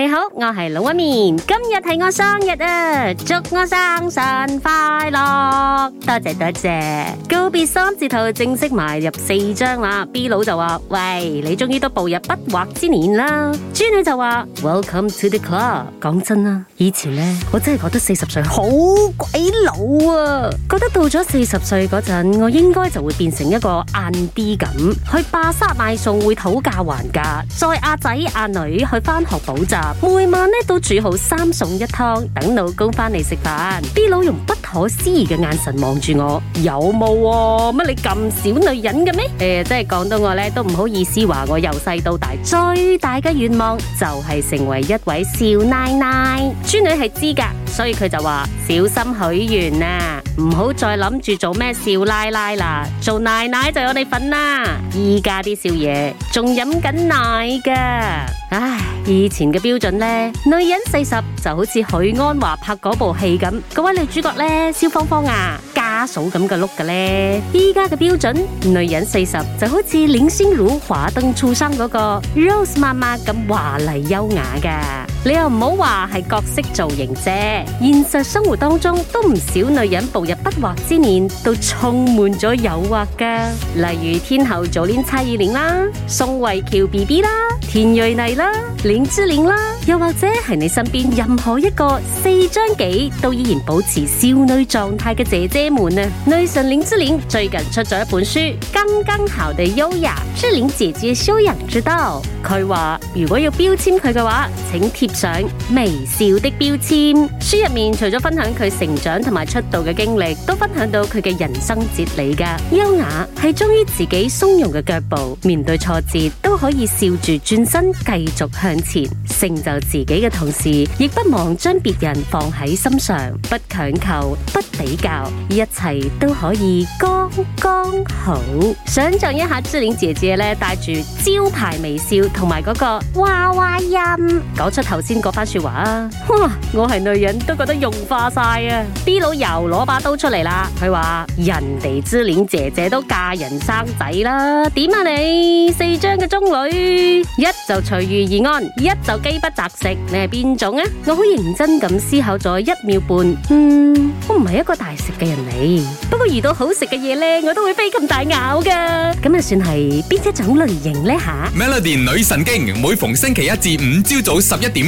你好，我係龍紋敏，今日係我生日啊！祝我生辰快樂，多謝多謝。告別三字頭，正式埋入四張啦。B 佬就話：喂，你終於都步入不惑之年啦。豬女就話：Welcome to the club。講真啊，以前呢，我真係覺得四十歲好鬼老啊，覺得到咗四十歲嗰陣，我應該就會變成一個硬啲咁，去巴剎買餸會討價還價，載阿、啊、仔阿、啊、女去返學補習。每晚咧都煮好三餸一湯等老公翻嚟食飯。B 佬用不可思議嘅眼神望住我，有冇、啊？乜你咁小女人嘅咩？誒、欸，即係講到我咧，都唔好意思話我由細到大最大嘅願望就係成為一位少奶奶。豬女係知㗎。所以佢就話小心許願啊，唔好再諗住做咩少奶奶啦，做奶奶就有你份啦。依家啲少爺仲飲緊奶噶，唉，以前嘅標準呢，女人四十就好似許鞍華拍嗰部戲咁，嗰位女主角咧，蕭芳芳啊，家嫂咁嘅碌嘅咧。依家嘅標準，女人四十就好似林心如華燈初上嗰、那個 Rose 媽媽咁華麗優雅噶。你又唔好話係角色造型啫，現實生活當中都唔少女人步入不惑之年都充滿咗誘惑噶，例如天后早年蔡依林啦，宋慧喬 B B 啦，田蕊妮啦，林志玲啦，又或者係你身邊任何一個四張幾都依然保持少女狀態嘅姐姐們啊！女神林志玲最近出咗一本書《剛剛好的優雅》，志玲姐姐修養之道。佢話如果要標籤佢嘅話，請貼。上微笑的標籤，書入面除咗分享佢成長同埋出道嘅經歷，都分享到佢嘅人生哲理噶。優雅係忠於自己松容嘅腳步，面對挫折都可以笑住轉身繼續向前，成就自己嘅同時，亦不忘將別人放喺心上，不強求，不比較，一切都可以剛剛好。想象一下朱玲姐姐咧，帶住招牌微笑同埋嗰個娃娃音，講出頭頭先嗰番說話啊，哇！我係女人都覺得融化晒啊！B 佬又攞把刀出嚟啦，佢話人哋之戀姐姐都嫁人生仔啦，點啊你？四張嘅中女，一就隨遇而安，一就飢不擇食，你係邊種啊？我好認真咁思考咗一秒半，嗯，我唔係一個大食嘅人嚟，不過遇到好食嘅嘢咧，我都會飛咁大咬噶。咁啊，算係邊一種類型咧吓？Melody 女神經，每逢星期一至五朝早十一點